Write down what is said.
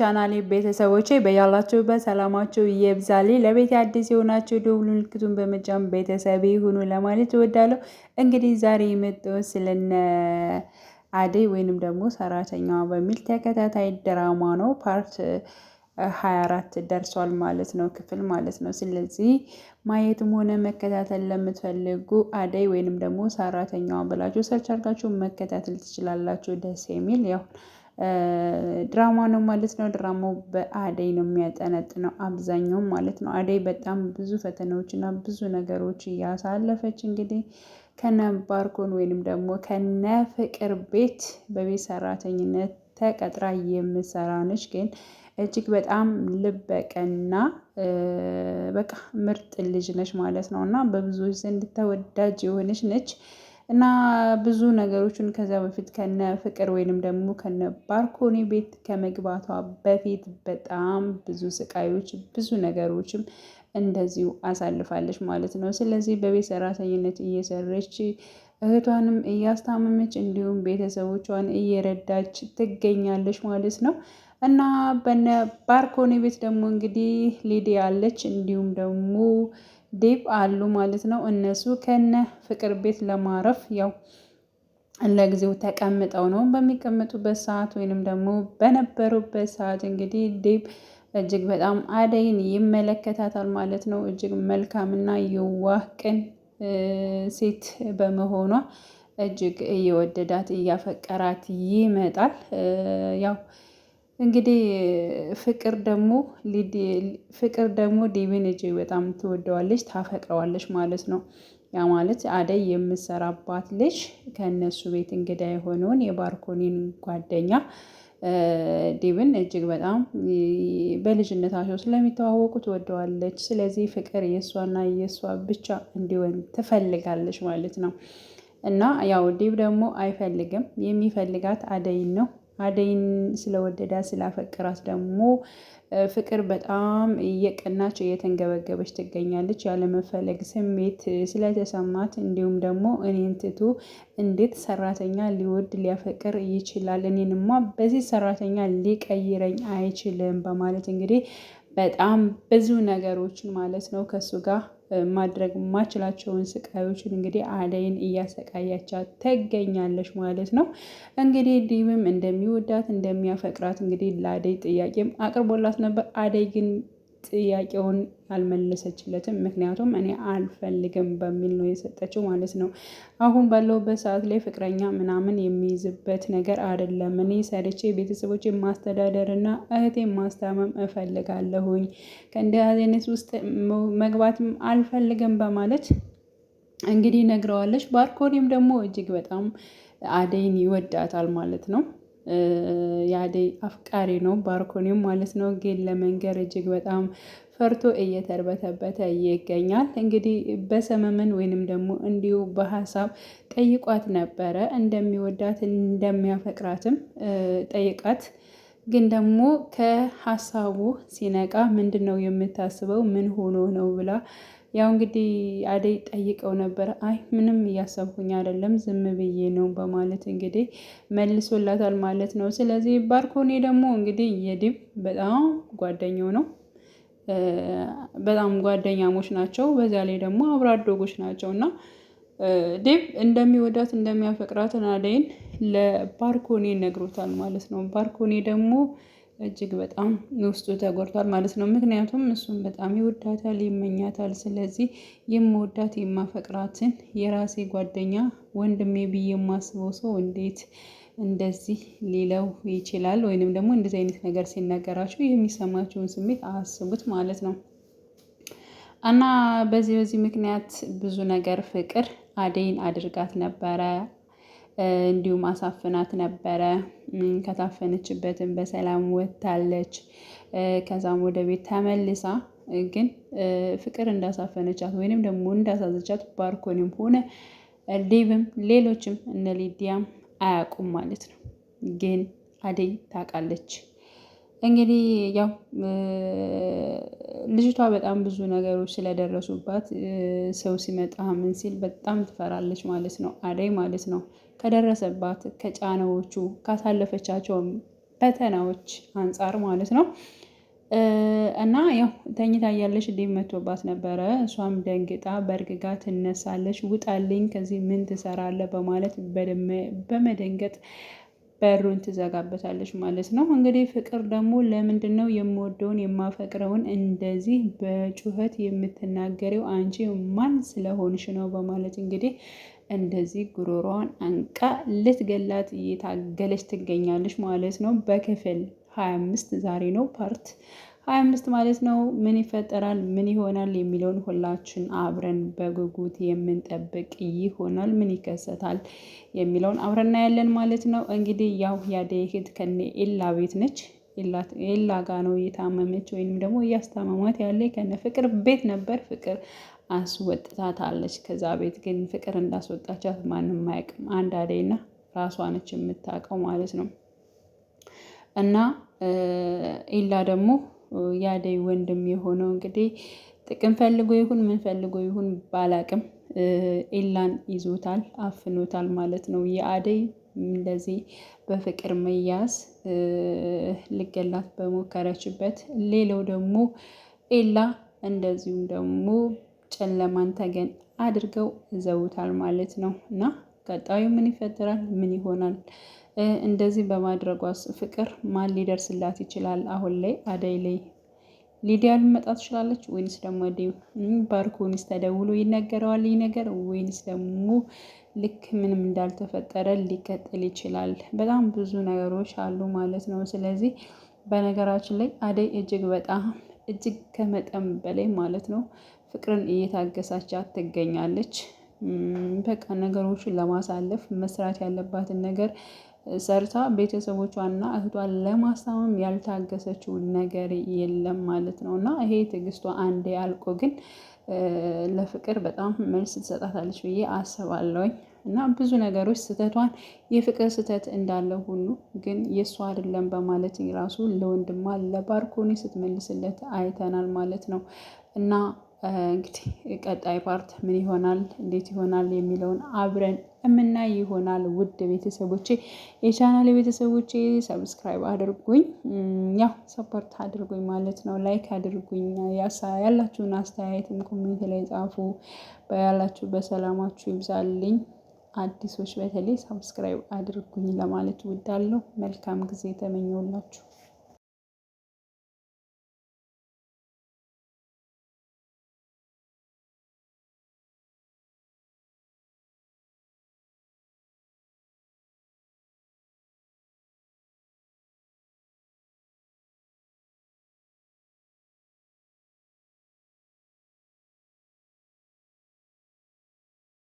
ቻናሌ ቤተሰቦቼ በያላችሁበት ሰላማችሁ ይብዛልኝ። ለቤት አዲስ የሆናችሁ ደውሉ ምልክቱን በመጫን ቤተሰብ ይሁኑ ለማለት እወዳለሁ። እንግዲህ ዛሬ የመጣሁት ስለነ አደይ ወይንም ደግሞ ሰራተኛዋ በሚል ተከታታይ ድራማ ነው። ፓርት 24 ደርሷል ማለት ነው፣ ክፍል ማለት ነው። ስለዚህ ማየትም ሆነ መከታተል ለምትፈልጉ አደይ ወይንም ደግሞ ሰራተኛዋ ብላችሁ ሰርች አድርጋችሁ መከታተል ትችላላችሁ። ደስ የሚል ያው ድራማ ነው ማለት ነው። ድራማው በአደይ ነው የሚያጠነጥነው አብዛኛው ማለት ነው። አደይ በጣም ብዙ ፈተናዎች እና ብዙ ነገሮች እያሳለፈች እንግዲህ ከነ ባርኮን ወይንም ደግሞ ከነ ፍቅር ቤት በቤት ሰራተኝነት ተቀጥራ የምሰራ ነች። ግን እጅግ በጣም ልበቀና በቃ ምርጥ ልጅ ነች ማለት ነው እና በብዙዎች ዘንድ ተወዳጅ የሆነች ነች። እና ብዙ ነገሮችን ከዛ በፊት ከነ ፍቅር ወይንም ደግሞ ከነ ባርኮኔ ቤት ከመግባቷ በፊት በጣም ብዙ ስቃዮች ብዙ ነገሮችም እንደዚሁ አሳልፋለች ማለት ነው። ስለዚህ በቤት ሰራተኝነት እየሰረች እህቷንም እያስታመመች እንዲሁም ቤተሰቦቿን እየረዳች ትገኛለች ማለት ነው። እና በነ ባርኮኒ ቤት ደግሞ እንግዲህ ሊዲያ አለች እንዲሁም ደግሞ ዴብ አሉ ማለት ነው። እነሱ ከነ ፍቅር ቤት ለማረፍ ያው ለጊዜው ተቀምጠው ነው። በሚቀመጡበት ሰዓት ወይንም ደግሞ በነበሩበት ሰዓት እንግዲህ ዴብ እጅግ በጣም አደይን ይመለከታታል ማለት ነው። እጅግ መልካምና የዋህ ቅን ሴት በመሆኗ እጅግ እየወደዳት እያፈቀራት ይመጣል ያው እንግዲህ ፍቅር ደግሞ ፍቅር ደግሞ ዴቪን እጅግ በጣም ትወደዋለች ታፈቅረዋለች ማለት ነው። ያ ማለት አደይ የምትሰራባት ልጅ ከእነሱ ቤት እንግዳ የሆነውን የባርኮኒን ጓደኛ ዴቭን እጅግ በጣም በልጅነታቸው ስለሚተዋወቁ ትወደዋለች። ስለዚህ ፍቅር የእሷና የእሷ ብቻ እንዲሆን ትፈልጋለች ማለት ነው። እና ያው ዲብ ደግሞ አይፈልግም የሚፈልጋት አደይን ነው አደይን ስለወደዳ ስላፈቅራት ደግሞ ፍቅር በጣም እየቀናች እየተንገበገበች ትገኛለች። ያለመፈለግ ስሜት ስለተሰማት እንዲሁም ደግሞ እኔን ትቶ እንዴት ሰራተኛ ሊወድ ሊያፈቅር ይችላል? እኔንማ በዚህ ሰራተኛ ሊቀይረኝ አይችልም በማለት እንግዲህ በጣም ብዙ ነገሮችን ማለት ነው ከእሱ ጋር ማድረግ የማችላቸውን ስቃዮችን እንግዲህ አደይን እያሰቃያቻት ትገኛለች ማለት ነው። እንግዲህ ዲብም እንደሚወዳት እንደሚያፈቅራት እንግዲህ ለአደይ ጥያቄም አቅርቦላት ነበር። አደይ ግን ጥያቄውን አልመለሰችለትም። ምክንያቱም እኔ አልፈልግም በሚል ነው የሰጠችው ማለት ነው። አሁን ባለውበት ሰዓት ላይ ፍቅረኛ ምናምን የሚይዝበት ነገር አይደለም። እኔ ሰርቼ ቤተሰቦቼ ማስተዳደር እና እህቴ ማስታመም እፈልጋለሁኝ። ከእንደዚህ አይነት ውስጥ መግባትም አልፈልግም በማለት እንግዲህ ነግረዋለች። ባርኮሪም ደግሞ እጅግ በጣም አደይን ይወዳታል ማለት ነው። የአደይ አፍቃሪ ነው ባርኮኒም ማለት ነው። ግን ለመንገር እጅግ በጣም ፈርቶ እየተርበተበተ ይገኛል። እንግዲህ በሰመመን ወይንም ደግሞ እንዲሁ በሀሳብ ጠይቋት ነበረ እንደሚወዳት እንደሚያፈቅራትም ጠይቃት ግን ደግሞ ከሀሳቡ ሲነቃ ምንድን ነው የምታስበው? ምን ሆኖ ነው ብላ ያው እንግዲህ አደይ ጠይቀው ነበር። አይ ምንም እያሰብኩኝ አይደለም ዝም ብዬ ነው በማለት እንግዲህ መልሶላታል ማለት ነው። ስለዚህ ባርኮኔ ደግሞ እንግዲህ የዲብ በጣም ጓደኛው ነው። በጣም ጓደኛሞች ናቸው። በዚያ ላይ ደግሞ አብሮ አደጎች ናቸው እና ዲብ እንደሚወዳት እንደሚያፈቅራት አደይን ለባርኮኔ ነግሮታል ማለት ነው። ባርኮኔ ደግሞ እጅግ በጣም ውስጡ ተጎድቷል ማለት ነው። ምክንያቱም እሱም በጣም ይወዳታል፣ ይመኛታል። ስለዚህ የምወዳት የማፈቅራትን የራሴ ጓደኛ ወንድሜ ብዬ የማስበው ሰው እንዴት እንደዚህ ሊለው ይችላል? ወይንም ደግሞ እንደዚህ አይነት ነገር ሲናገራችሁ የሚሰማችውን ስሜት አስቡት ማለት ነው። እና በዚህ በዚህ ምክንያት ብዙ ነገር ፍቅር አደይን አድርጋት ነበረ እንዲሁም አሳፍናት ነበረ። ከታፈነችበትም በሰላም ወጥታለች። ከዛም ወደ ቤት ተመልሳ ግን ፍቅር እንዳሳፈነቻት ወይንም ደግሞ እንዳሳዘቻት ባርኮኒም ሆነ ሊብም ሌሎችም እነ ሊዲያም አያውቁም ማለት ነው። ግን አደይ ታውቃለች። እንግዲህ ያው ልጅቷ በጣም ብዙ ነገሮች ስለደረሱባት ሰው ሲመጣ ምን ሲል በጣም ትፈራለች ማለት ነው፣ አደይ ማለት ነው። ከደረሰባት ከጫናዎቹ ካሳለፈቻቸውም ፈተናዎች አንጻር ማለት ነው። እና ያው ተኝታ እያለች ዴቭ መቶባት ነበረ። እሷም ደንግጣ በእርግጋ ትነሳለች። ውጣልኝ፣ ከዚህ ምን ትሰራለ በማለት በመደንገጥ በሩን ትዘጋበታለች ማለት ነው። እንግዲህ ፍቅር ደግሞ ለምንድን ነው የምወደውን የማፈቅረውን እንደዚህ በጩኸት የምትናገሪው አንቺ ማን ስለሆንሽ ነው? በማለት እንግዲህ እንደዚህ ጉሮሯዋን አንቃ ልትገላት እየታገለች ትገኛለች ማለት ነው። በክፍል 25 ዛሬ ነው ፓርት ሀያ አምስት ማለት ነው። ምን ይፈጠራል፣ ምን ይሆናል የሚለውን ሁላችን አብረን በጉጉት የምንጠብቅ ይሆናል። ምን ይከሰታል የሚለውን አብረና ያለን ማለት ነው። እንግዲህ ያው ያደይ እህት ከነ ኤላ ቤት ነች። ኤላ ጋ ነው የታመመች ወይንም ደግሞ እያስታመማት ያለ ከነ ፍቅር ቤት ነበር። ፍቅር አስወጥታታለች ከዛ ቤት። ግን ፍቅር እንዳስወጣቻት ማንም አያውቅም። አንድ አደይና ራሷ ነች የምታውቀው ማለት ነው። እና ኤላ ደግሞ ያደይ ወንድም የሆነው እንግዲህ ጥቅም ፈልጎ ይሁን ምን ፈልጎ ይሁን ባላቅም ኤላን ይዞታል፣ አፍኖታል ማለት ነው። የአደይ እንደዚህ በፍቅር መያዝ ልገላት በሞከረችበት፣ ሌላው ደግሞ ኤላ እንደዚሁም ደግሞ ጨለማን ተገን አድርገው ይዘውታል ማለት ነው። እና ቀጣዩ ምን ይፈጠራል? ምን ይሆናል? እንደዚህ በማድረጓስ ፍቅር ማን ሊደርስላት ይችላል? አሁን ላይ አደይ ላይ ሊዲያ ልመጣ ትችላለች ወይንስ ደግሞ ባርኮኒስ ተደውሎ ይነገረዋል ይህ ነገር ወይንስ ደግሞ ልክ ምንም እንዳልተፈጠረ ሊቀጥል ይችላል? በጣም ብዙ ነገሮች አሉ ማለት ነው። ስለዚህ በነገራችን ላይ አደይ እጅግ በጣም እጅግ ከመጠን በላይ ማለት ነው ፍቅርን እየታገሳቻት ትገኛለች። በቃ ነገሮችን ለማሳለፍ መስራት ያለባትን ነገር ሰርታ ቤተሰቦቿና እህቷን ለማስታመም ያልታገሰችው ነገር የለም ማለት ነው። እና ይሄ ትዕግስቷ አንዴ አልቆ ግን ለፍቅር በጣም መልስ ትሰጣታለች ብዬ አስባለሁኝ። እና ብዙ ነገሮች ስህተቷን የፍቅር ስህተት እንዳለ ሁሉ ግን የእሷ አይደለም በማለት ራሱ ለወንድሟ ለባርኮኒ ስትመልስለት አይተናል ማለት ነው እና እንግዲህ ቀጣይ ፓርት ምን ይሆናል እንዴት ይሆናል የሚለውን አብረን እምናይ ይሆናል። ውድ ቤተሰቦቼ የቻናል ቤተሰቦቼ ሰብስክራይብ አድርጉኝ፣ ያው ሰፖርት አድርጉኝ ማለት ነው። ላይክ አድርጉኝ፣ ያላችሁን አስተያየትም ኮሜንት ላይ ጻፉ። ያላችሁ በሰላማችሁ ይብዛልኝ። አዲሶች በተለይ ሰብስክራይብ አድርጉኝ ለማለት እወዳለሁ። መልካም ጊዜ ተመኘውላችሁ።